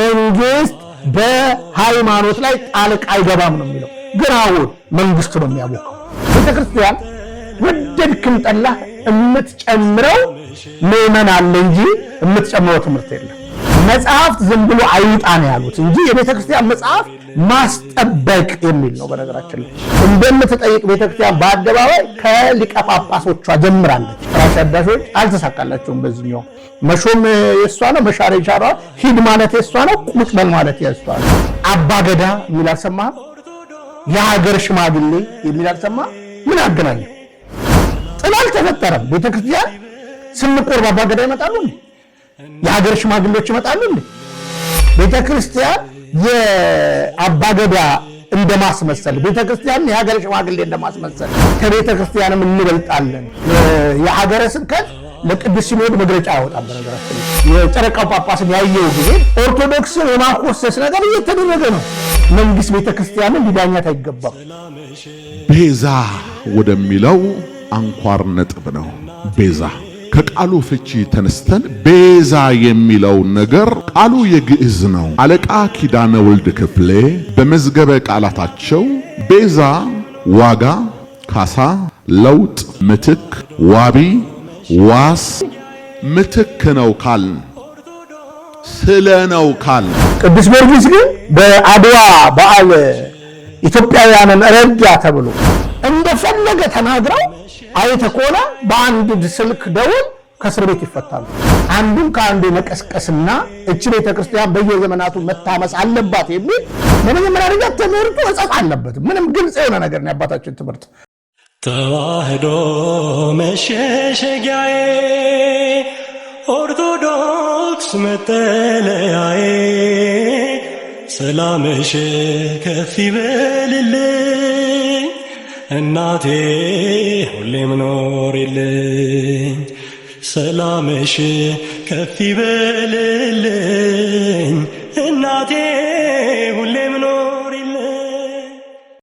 መንግስት በሃይማኖት ላይ ጣልቃ አይገባም ነው የሚለው። ግን አሁን መንግስቱ ነው የሚያወቀው። ቤተክርስቲያን ወደድክም ጠላህ የምትጨምረው ምዕመን አለ እንጂ የምትጨምረው ትምህርት የለም። መጽሐፍት ዝም ብሎ አይውጣ ነው ያሉት እንጂ የቤተ ክርስቲያን መጽሐፍ ማስጠበቅ የሚል ነው። በነገራችን ላይ እንደምትጠይቅ ቤተ ክርስቲያን በአደባባይ ከሊቀ ጳጳሶቿ ጀምራለች። ራሴ አዳሾች አልተሳካላቸውም። በዚህኛው መሾም የእሷ ነው፣ መሻር የሻሯ፣ ሂድ ማለት የእሷ ነው፣ ቁጭ በል ማለት የእሷ ነው። አባገዳ የሚል የሀገር ሽማግሌ የሚል ምን አገናኘው? ጥል አልተፈጠረም። ቤተክርስቲያን ስንቆርብ አባገዳ ይመጣሉ። የሀገር ሽማግሌዎች ይመጣሉ እንዴ? ቤተ ክርስቲያን የአባገዳ እንደማስመሰል ቤተ ክርስቲያን የሀገር ሽማግሌ እንደማስመሰል ከቤተ ክርስቲያንም እንበልጣለን። የሀገረ ስብከት ለቅዱስ ሲኖድ መግለጫ ያወጣል። በነገራችን የጨረቃው ጳጳስን ያየው ጊዜ ኦርቶዶክስን የማኮሰስ ነገር እየተደረገ ነው። መንግስት ቤተ ክርስቲያንን ሊዳኛት አይገባም። ቤዛ ወደሚለው አንኳር ነጥብ ነው ቤዛ ከቃሉ ፍቺ ተነስተን ቤዛ የሚለውን ነገር ቃሉ የግዕዝ ነው። አለቃ ኪዳነ ወልድ ክፍሌ በመዝገበ ቃላታቸው ቤዛ ዋጋ፣ ካሳ፣ ለውጥ፣ ምትክ፣ ዋቢ፣ ዋስ፣ ምትክ ነው ካል ስለ ነው ካል ቅዱስ ጊዮርጊስ ግን በአድዋ በዓል ኢትዮጵያውያንን ረዳ ተብሎ ነገ ተናግረው አይተ ከሆነ በአንድ ስልክ ደውል ከእስር ቤት ይፈታሉ። አንዱን ከአንዱ የመቀስቀስና እች ቤተክርስቲያን በየዘመናቱ መታመስ አለባት የሚል ለመጀመሪያ ደረጃ ትምህርቱ እጸት አለበት። ምንም ግልጽ የሆነ ነገር ነው የአባታችን ትምህርት። ተዋህዶ መሸሸጊያዬ፣ ኦርቶዶክስ መጠለያዬ፣ ሰላምሽ ከፍ ይበልልኝ እናቴ ምኖር የለኝ ሰላምሽ ከፍ ይበልልኝ እናቴ